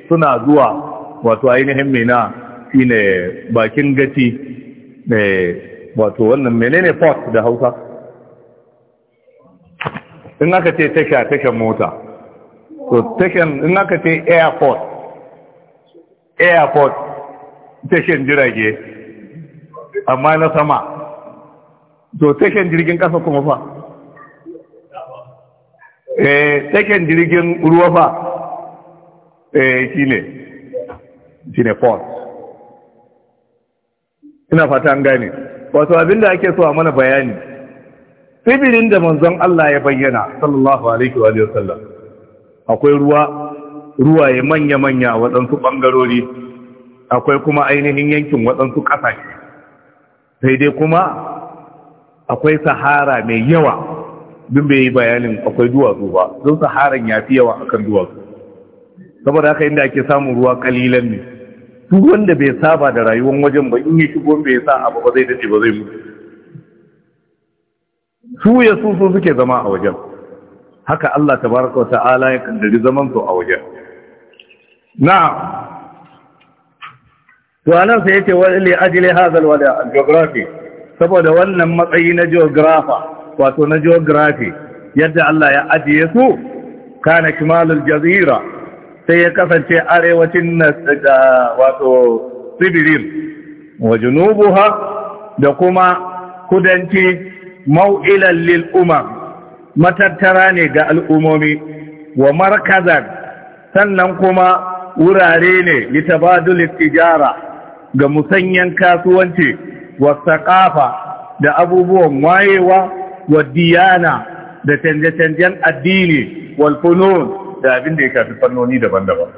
Speaker 1: suna zuwa wato ainihin mina ne bakin gaci wato wannan menene port da hausa in aka ce tasha tashan mota to tashan in aka ce airport airport tashan jirage amma na sama to tashan jirgin kasa kuma fa eh tashan jirgin ruwa fa eh shine shine port ina fata an gane wato abinda ake so a mana bayani sibirin da manzon Allah ya bayyana sallallahu alaihi wa sallam akwai ruwa ruwaye manya-manya waɗansu ɓangarori akwai kuma ainihin yankin waɗansu ƙasashe sai dai kuma akwai sahara mai yawa bin bai yi bayanin akwai duwatsu ba don saharan ya fi yawa akan duwatsu saboda haka inda ake samun ruwa kalilan ne duk wanda bai saba da rayuwar wajen ba in ya shigo bai sa abu ba zai dace ba zai mutu su ya su suke zama a wajen haka Allah tabaraka wa ta'ala ya kaddari zaman su a wajen na'am to anan sai yace wa li ajli hadha alwada geography saboda wannan matsayi na geographer wato na geography yadda Allah ya ajiye su kana kimalul jazira sai ya kasance arewacin na wato sibirin wa junubuha da kuma kudanci mau'ilan lil umar matattara ne ga al'umomi wa markazan sannan kuma wurare ne litabadul tijara ga musanyan kasuwanci wa da abubuwan wayewa wa diyana da canje-canjen addini wal da abin da ya shafi fannoni daban-daban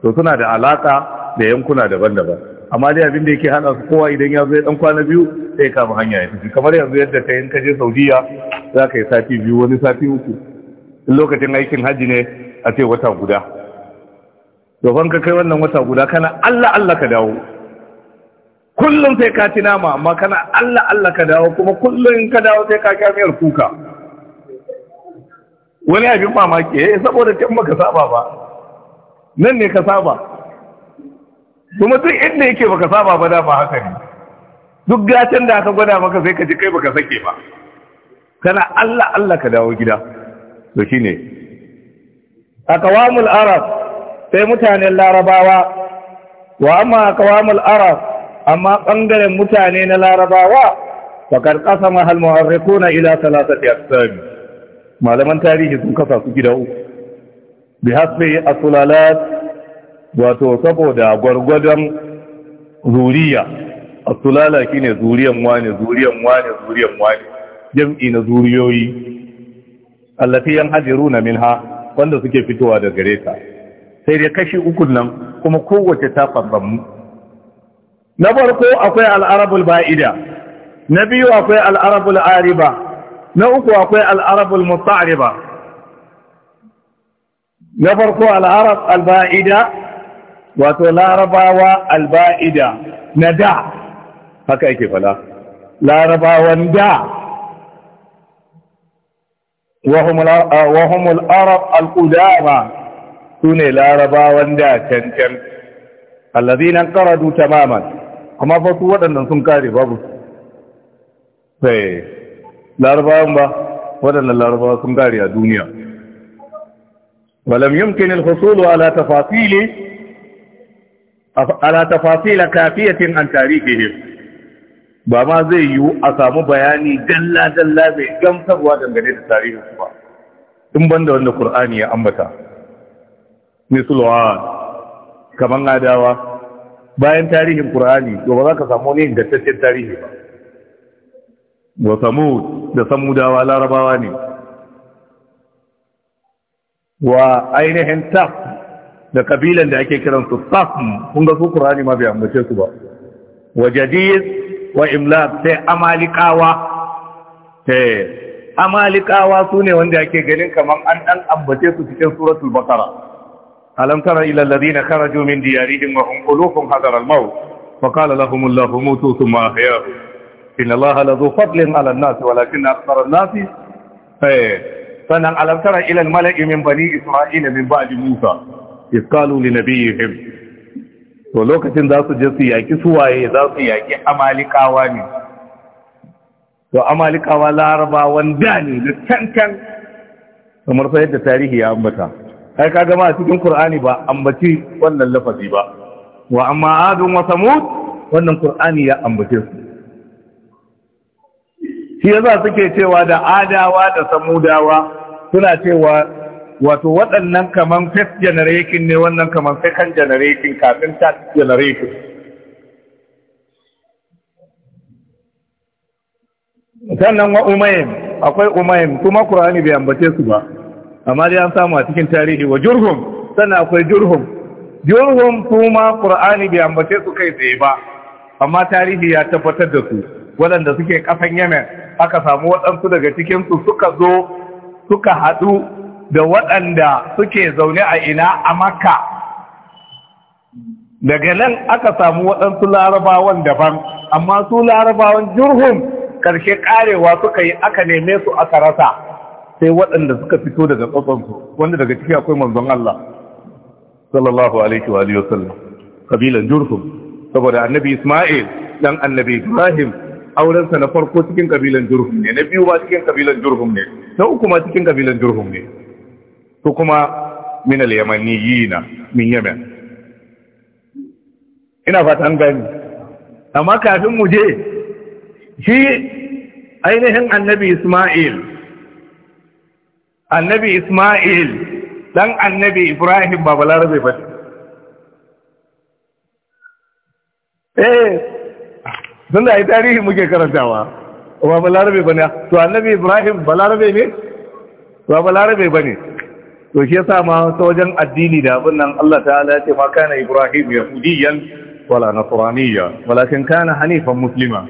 Speaker 1: to suna da alaƙa da yankuna daban-daban amma dai abin da yake hana su kowa idan ya zo ya dan kwana biyu sai ya kama hanya ya tafi kamar yanzu yadda ka yin kaje saudiya za ka yi sati biyu wani sati uku in lokacin aikin hajji ne a ce wata guda domin ka kai wannan wata guda kana allah allah ka dawo kullum sai ka ci nama amma kana allah allah ka dawo kuma kullum in ka dawo sai ka kya miyar kuka wani abin mamaki eh saboda can baka saba ba nan ne ka saba kuma duk inda yake baka saba ba dama haka ne duk gatan da aka gwada maka sai ka ji kai baka sake ba kana Allah Allah ka dawo gida to shine aqwamul arab sai mutanen larabawa wa amma aqwamul arab amma bangaren mutane na larabawa fakar qasama hal mu'arrikuna ila thalathati aqsam malaman tarihi sun kasa su gida uku bi hasbi asulalat wato saboda gwargwadon zuriya a sulala shi ne zuriyan wane zuriyan wane zuriyan wane jam'i na zuriyoyi allafiyan hajjiru na minha wanda suke fitowa da gare ta. sai dai kashi ukun nan kuma kowace ta farfamu na farko akwai al'arabul ba'ida na biyu akwai al'arabul ariba na uku akwai al'arabul musta'ariba na farko al'arab al-ba'ida wato larabawa alba'ida na da haka yake fala. larabawan da wahumul arab al'udama su ne larabawan da cancan allazinan karadu tamaman Kuma fa su waɗannan sun kare babu sai eh, larabawan ba waɗannan larabawa sun kare a duniya ولم يمكن الحصول على تفاصيل ala tafasila kafiyatin an tarihihim ba ma zai yiwu a samu bayani dalla dalla mai gamsarwa dangane da tarihin su ba in banda wanda qur'ani ya ambata misalwa kaman adawa bayan tarihin qur'ani to ba za ka samu wani ingantaccen tarihi ba wa samud da samudawa larabawa ne wa ainihin taf da kabilan da ake kiran su safm kun ga su qur'ani ma bai ambace su ba wa jadid wa imlaq sai amalikawa eh amalikawa ne wanda ake ganin kamar an dan ambace su cikin suratul baqara alam tara ila alladhina kharaju min diyarihim wa hum qulubun hadar al-maut fa qala lahum allahu mutu thumma ahyahum inna allaha la dhu fadlin ala an-nas walakinna akthara an-nas eh sanan alam tara ila al-mala'i min bani isra'ila min ba'di musa iskalu li nabiyihim to lokacin za su je su yaki suwaye za su yaki amalikawa ne to amalikawa larabawan da ne da cancan kamar sai yadda tarihi ya ambata ai ka gama a cikin qur'ani ba ambaci wannan lafazi ba wa amma adun wa samud wannan qur'ani ya ambace su shi yasa suke cewa da adawa da samudawa suna cewa wato waɗannan kaman first generation ne wannan kaman second generation kafin third generation sannan wa umayim akwai umayim kuma qur'ani bai ambace su ba amma dai an samu a cikin tarihi wa jurhum sannan akwai jurhum jurhum kuma qur'ani bai ambace su kai tsaye ba amma tarihi ya tabbatar da su waɗanda suke ƙasan yamen aka samu waɗansu daga cikinsu suka zo suka haɗu da waɗanda suke zaune a ina a makka daga nan aka samu waɗansu larabawan daban amma su larabawan jirhun ƙarshe ƙarewa suka yi aka neme su aka rasa sai waɗanda suka fito daga tsotsonsu wanda daga ciki akwai manzon Allah sallallahu alaihi wa alihi wasallam kabilan jirhun saboda annabi Isma'il dan annabi Ibrahim aurensa na farko cikin kabilan jurhum ne na biyu ba cikin kabilan jurhum ne na uku ma cikin kabilan jurhum ne su kuma min al-yamaniyina min yamen ina fata an gani amma kafin mu je shi ainihin annabi Ismail annabi Ismail dan annabi Ibrahim babalar zai ba eh sun da tarihi muke karantawa ba balarabe ba ne to annabi Ibrahim balarabe ne ba balarabe ba ne to shi yasa ma ta wajen addini da abin nan Allah ta'ala ya ce ma kana Ibrahim yahudiyan wala nasraniyya walakin kana hanifan muslima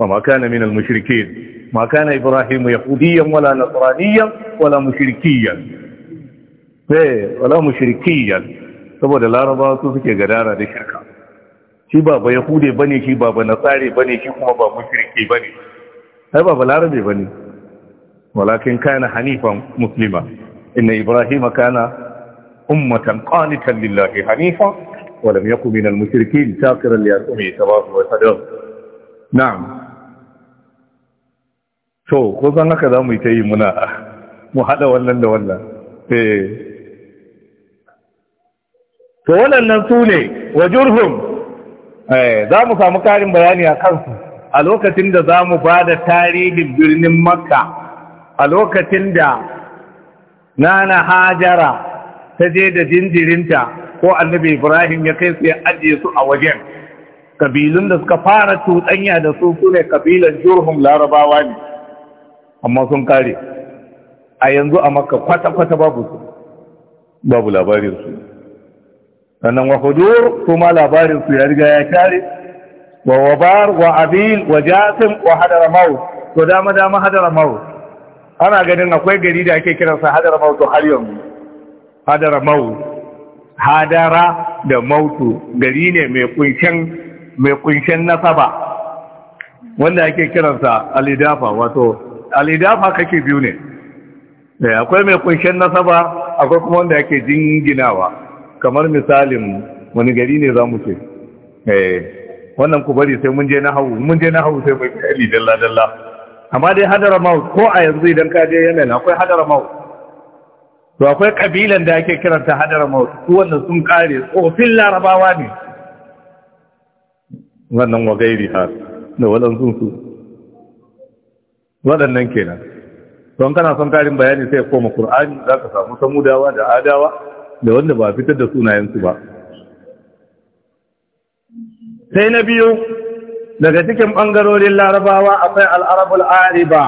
Speaker 1: wa ma kana minal mushrikeen ma kana Ibrahim yahudiyan wala nasraniyyan wala mushrikiyyan eh wala mushrikiyyan saboda Laraba su suke gadara da shirka shi ba ba yahude bane shi ba ba nasare bane shi kuma ba mushriki bane ai ba ba larabe bane walakin kana hanifan muslima inna إبراهيم كان ummatan قانتا لله hanifa ولم lam من المشركين شاكرا shakiran li an'ami نعم wa ko zan haka za mu yi ta yi muna mu haɗa wannan da wannan to waɗannan su ne wa jurhum za mu samu karin bayani a kansu a lokacin da za mu ba da tarihin birnin makka a lokacin da nana hajara ta je da jinjirinta ko annabi ibrahim ya kai su ya ajiye su a wajen kabilun da suka fara tutsanya da su su ne kabilan jurhum larabawa ne amma sun kare a yanzu a makka kwata-kwata babu su babu labarin su sannan wa hudur kuma labarin su ya riga ya kare wa wabar wa abil wa jasim wa hadara maut to dama dama hadara ana ganin akwai gari da ake kiransa hadara mautu har yanzu hadara mautu hadara da mautu gari ne mai kunshen mai kunshen nasaba wanda ake kiransa alidafa wato alidafa kake biyu ne eh, akwai mai kunshen nasaba akwai kuma wanda ake jinginawa kamar misalin wani gari ne za mu ce eh, wannan ku bari sai mun je na hau mun je na hau sai mai ali dalla amma dai hadara maut ko a yanzu idan ka je akwai hadara maut to akwai kabilan da ake kiranta hadara maut su wannan sun kare tsofin larabawa ne wannan wagairi ha da waɗansu su waɗannan kenan don kana son karin bayani sai koma Kur'ani za ka samu samudawa da adawa da wanda ba fitar da sunayensu ba sai na biyu daga cikin ɓangarorin larabawa akwai al'arabul ariba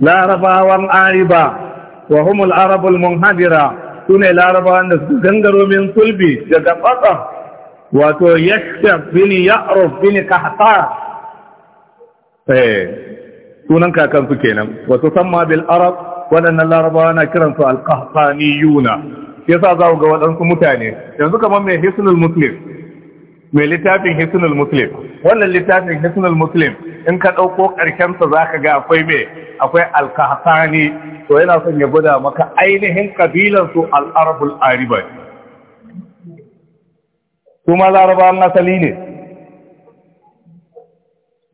Speaker 1: larabawan ariba wa humul arabul munhabira su ne larabawan da su gangaro min sulbi daga ɓasa wato yashaf bini ya'ruf bini kahtar eh, sunan kakan su kenan wato samma bil arab waɗannan larabawa na kiransu al-qahtaniyuna yasa za ga waɗansu mutane yanzu kamar mai hisnul muslim mai littafin hisnul muslim wannan littafin hisnul muslim in ka ɗauko ƙarshensa za ka ga akwai mai akwai alkahasani to yana son ya gwada maka ainihin ƙabilansu al'arabul ariba kuma larabawan asali ne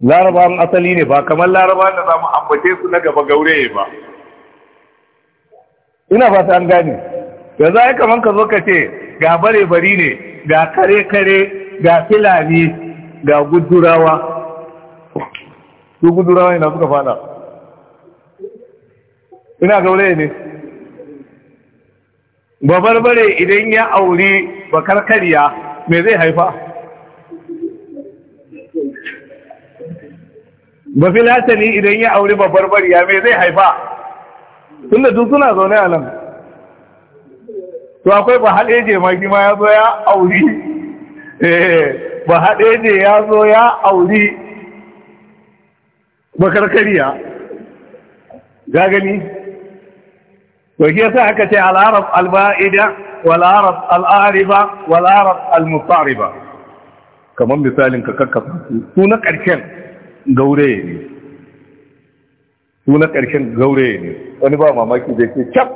Speaker 1: larabawan asali ne ba kamar larabawan da za mu ambace su na gaba gauraye ba ina ba ta an gane yanzu ai kamar ka zo ka ce ga bare bari ne ga kare kare ga filani ga gudurawa su gudurawa ina suka fada ina gaure ne babarbare idan ya auri bakar kariya me zai haifa ba filatani idan ya auri babarbariya me zai haifa Tunda duk suna zaune a nan to akwai ba haleje ma ya zo ya auri Eh, ba haɗe ne ya zo ya auri bakarkariya ga gani to shi yasa aka ce al'arab alba'ida wal arab al'ariba wal arab al-mustariba kamar misalin ka kakkafa su na ƙarshen gauraye ne su na ƙarshen gauraye ne wani ba mamaki da ke cap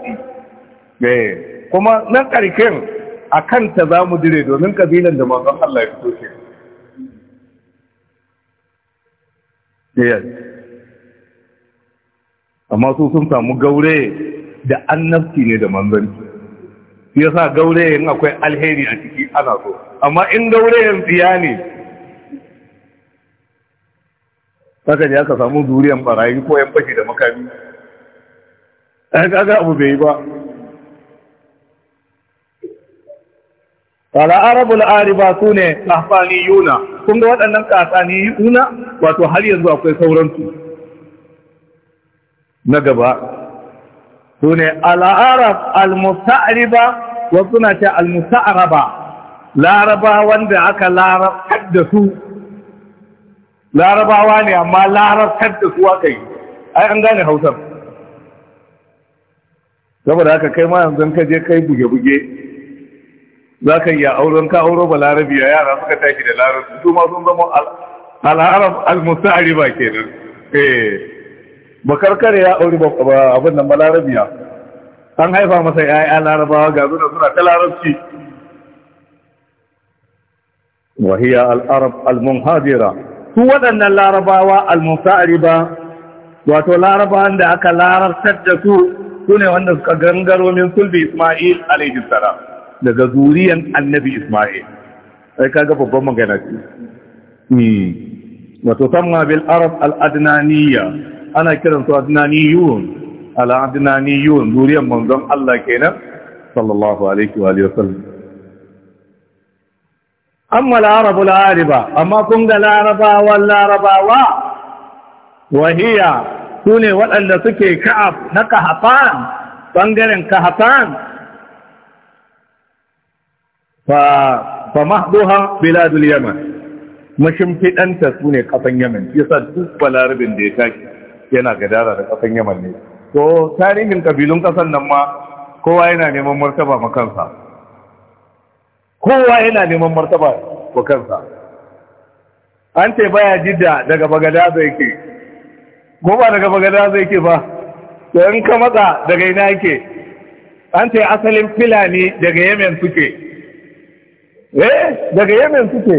Speaker 1: eh, kuma na ƙarshen a kanta za mu dire domin ƙabilan da manzon Allah ya fito shi amma su sun samu gaure da annabci ne da manzanci Ya yasa gaure yin akwai alheri a ciki ana so amma in gaure yin tsiya ne saka ne aka samu zuriyan barayi ko yan fashi da makami Aka ga abu bai yi ba al'arabul ariba su ne yuna kun ga waɗannan yuna wato har yanzu akwai sauransu na gaba su ne al'arab al wasu na ce al-musta'araba laraba wanda aka larabtar da su larabawa ne amma larabtar da su aka yi ai an gane hausar saboda aka kai ma yanzu ka je kai buge-buge za ka iya auren ka auro ba larabiya yara suka tashi da larabci su ma sun zama al'arab al-musta'ari ba nan. eh bakarkare ya auri ba abin nan ba larabiya an haifa masa ya'ya larabawa ga zuwa suna ta larabci wa hiya al-arab al-munhadira su waɗannan larabawa al-musta'ari ba wato larabawan da aka larabtar da su sune wanda suka gangaro min sulbi Isma'il alaihi salam daga zuriyan annabi Ismail sai kaga babban magana ce hmm. wato tamma bil arab al adnaniyya ana kiran su adnaniyun al adnaniyun zuriyan manzon Allah kenan sallallahu alaihi wa alihi wasallam amma al arab al ariba amma kun ga laraba wal larabawa wahiya sune waɗanda suke ka'ab na kahafan bangaren kahafan fa fa mahduha biladul yaman mashimfidanta su ne kasan yaman yasa duk balarabin da ya tashi yana gadara da kasan yaman ne to tarihin kabilun kasan nan ma kowa yana neman martaba ma kansa kowa yana neman martaba ma kansa an ce baya jidda daga zai yake ko ba daga zai yake ba to in ka matsa daga ina yake an ce asalin filani daga yemen suke eh daga yemen suke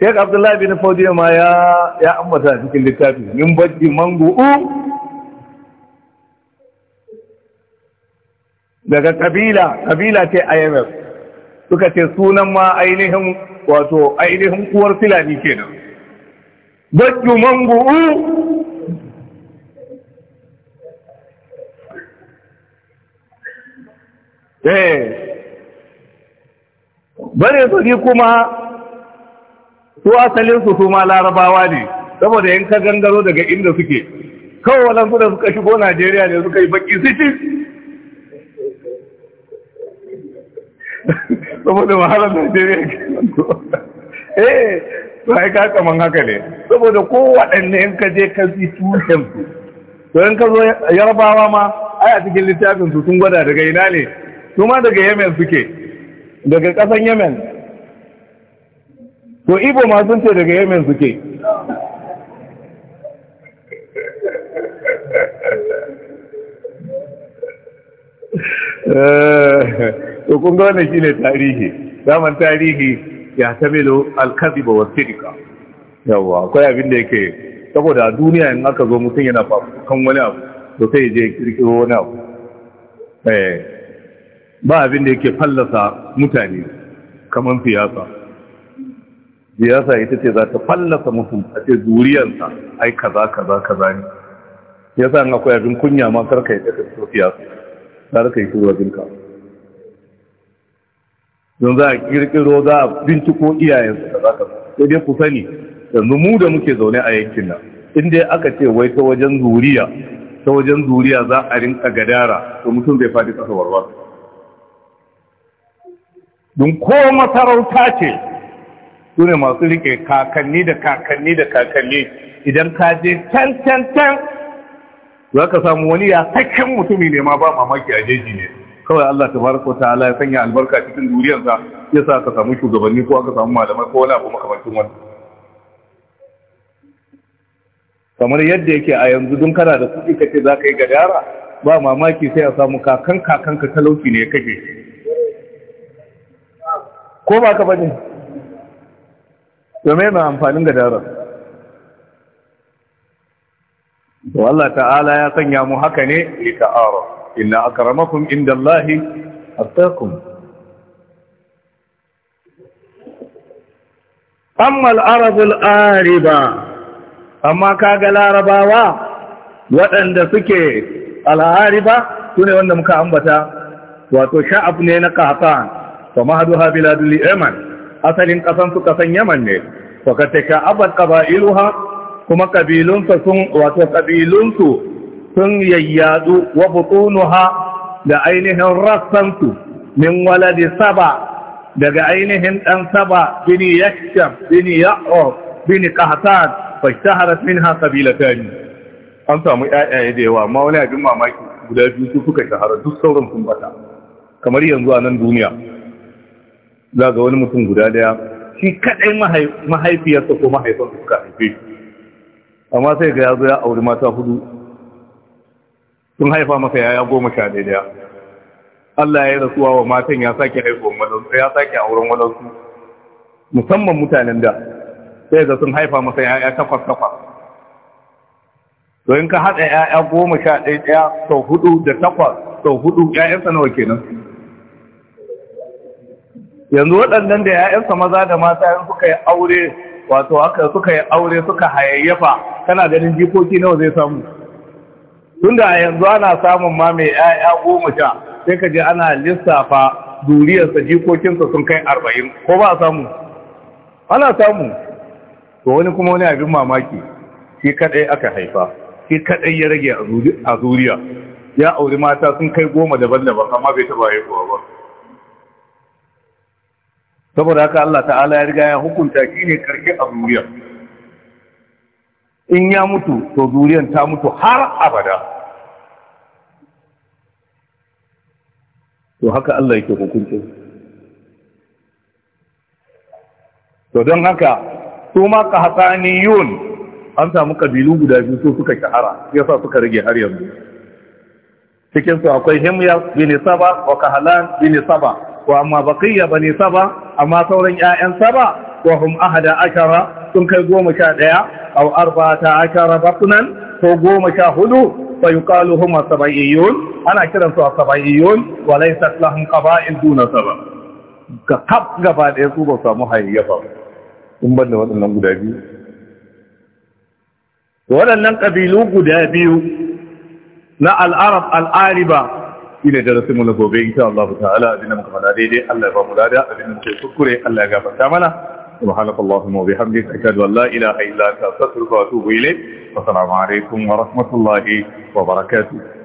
Speaker 1: sheik abdullahi bin faudiya ma ya ya ambata cikin littafi min bajji mangu daga kabila kabila ce a yemen suka ce sunan ma ainihin wato ainihin uwar filani kenan bajju mangu eh bare tsari kuma su asalinsu su ma larabawa ne saboda yanka gangaro daga inda suke kawai walansu da suka shigo najeriya ne suka yi baki city *laughs* saboda mahalar najeriya ke eh to haika ka kaman haka ne saboda ko waɗanne ka je ka ji tushen su to in ka zo yarabawa ma ai a cikin littafin su sun gwada daga ina ne su ma daga yemen suke daga ƙasan yemen to ibo ma ce daga yemen suke eh, to kun ga shi ne tarihi zaman tarihi ya tamilu ba wasu wa sidqa Yawwa akwai abin da yake saboda duniya in aka zo mutum yana fafukan wani abu to sai je kirkiro wani abu eh ba abin da yake fallasa mutane kamar siyasa siyasa ita ce za ta fallasa mutum a ce zuriyarsa ai kaza kaza kaza ne sa an akwai abin kunya ma karka yi daga so siyasa za ka yi bin ka don za a kirkiro za a binciko iyayensu ka kaza sai dai ku sani yanzu mu da muke zaune a yankin nan in dai aka ce wai ta wajen zuriya ta wajen zuriya za a rinka gadara to mutum zai faɗi ƙasa warwar don ko masarauta ce su ne masu rike kakanni da kakanni da kakanni idan ka je can can can za ka samu wani ya sakin mutumi ne ma ba mamaki a jeji ne kawai Allah ta Ta ala ya sanya albarka cikin duriyarsa ya sa ka samu shugabanni ko aka samu malamai ko wani abu makamancin wani kamar yadda yake a yanzu dun kana da kuɗi kace za ka yi gadara ba mamaki sai a samu kakan kakan ka talauci ne ya kake ko ba ka bane domin mai amfanin gadara to Allah ta'ala ya sanya mu haka ne li ta'ara inna akramakum Allahi. attaqakum amma al-arabul ariba amma kaga larabawa waɗanda suke al-ariba sune wanda muka ambata wato sha'af ne na qahtan fa mahduha biladul yaman asalin kasan su kasan yaman ne fa ka abad qabailuha kuma kabilun sun wato kabilun su sun yayyadu wa butunuha da ainihin rassansu min waladi saba daga ainihin dan saba bini yakshaf bini ya'ur bini qahtan fashtaharat minha qabilatan an samu ƴaƴaye da yawa amma wani abin mamaki guda biyu su suka shahara duk sauran sun bata kamar yanzu a nan duniya za ga wani mutum guda daya shi kadai mahaifiyarsa ko mahaifansa suka haife shi amma sai ga yazo ya auri mata hudu sun haifa masa yaya goma sha ɗaya daya Allah ya yi rasuwa wa matan ya sake haifuwan wadansu ya sake auren wadansu musamman mutanen da sai ga sun haifa masa yaya takwas takwas to in ka haɗa yaya goma sha ɗaya daya sau hudu da takwas sau hudu 'ya'yansa nawa kenan yanzu waɗannan da ‘ya'yansa maza da mata yin suka yi aure wato haka suka yi aure suka hayayyafa kana ganin jikoki nawa zai samu tunda a yanzu ana samun ma mai ‘ya'ya goma sha sai ka je ana lissafa duriyarsa jikokinsa sun kai arba'in ko ba samu ana samu to wani kuma wani abin mamaki shi kaɗai aka haifa shi kaɗai ya rage a zuriya ya auri mata sun kai goma daban-daban amma bai taɓa haihuwa ba saboda haka Allah ta'ala ya riga ya hukunta shi ne a zuriyar in ya mutu to zuriyar ta mutu har abada to haka Allah yake hukunci to don haka su ma ka yun an samu kabilu guda biyu su suka shahara yasa suka rage har yanzu cikinsu akwai himyar bin saba wa kahalan bin saba wa amma baqiyya bani saba amma sauran ƴaƴan saba wa hum ahada akara sun kai goma sha 11 aw arba'ata akara baqnan ko 14 fa yuqalu huma sabaiyun ana kiran su sabaiyun wa laysa lahum qaba'il duna saba ka kab gaba da su ba samu hayya ba in banda wadannan guda biyu wadannan kabilu guda biyu na al-arab al-ariba ne darasin mu na gobe insha Allah ta'ala abin da muka fada daidai Allah ya ba abin da muke kuskure ala ya gafarta mana subhanaka allahumma wa bihamdika ashhadu an la ilaha illa anta astaghfiruka wa atubu ilayk wa assalamu alaikum wa rahmatullahi wa barakatuh